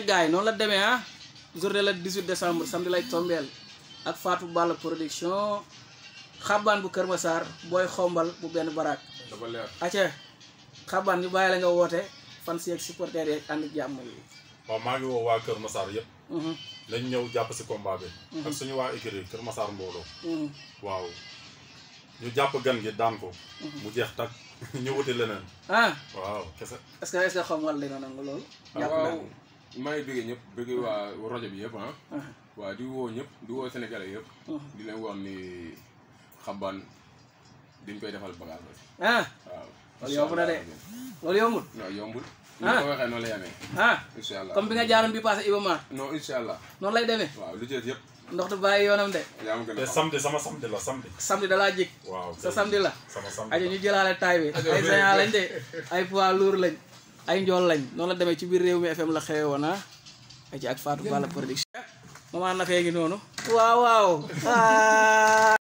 acca yi noonu la demee ah journée la 18 décembre samedi lay tombeel ak faatu Balla production xaban bu Kër Massar booy xombal bu benn baraak acca xabaan ñu bàyyi la nga woote fan si ak supporters yi ak ànd jàmm yi waaw maa ngi woo waa Kër Massar yëpp mhm. nañ ñëw jàpp si combat bi mhm. ak suñu waa écurie Kër Massar mbooloo mhm. waaw ñu jàpp gan gi daan ko mu jeex takk ñu wuti leneen ah waaw kese est-ce que est xombal dina nangu loolu jàpp ah, maa ngi bëggee ñëpp bëggee waa uh-huh. rajo bi yëpp ah. Uh-huh. waa di woo ñëpp di woo Sénégalais yëpp. Uh-huh. di woon nii ni xabaan dañ koy defal bagage la. ah loolu yomb na de loolu yombul. non yombul. ah ni ko waxee noonu la yamee. ah incha allah comme bi nga jaaroon bi passé Iba Mar. noonu lay demee. waaw lu jël yëpp. ndox du bàyyi yoonam de. yaa ma gën a samedi sama samedi la samedi. samedi da jig. sa samedi la. sama samedi la ñu taay bi. ay géant lañ de ay poids lourd lañ. ay njool lañ noonu la demee ci biir réew mi FM la xewe woon ah ci ak Fatou Balla production maman na fee ngi noonu waaw waaw ah.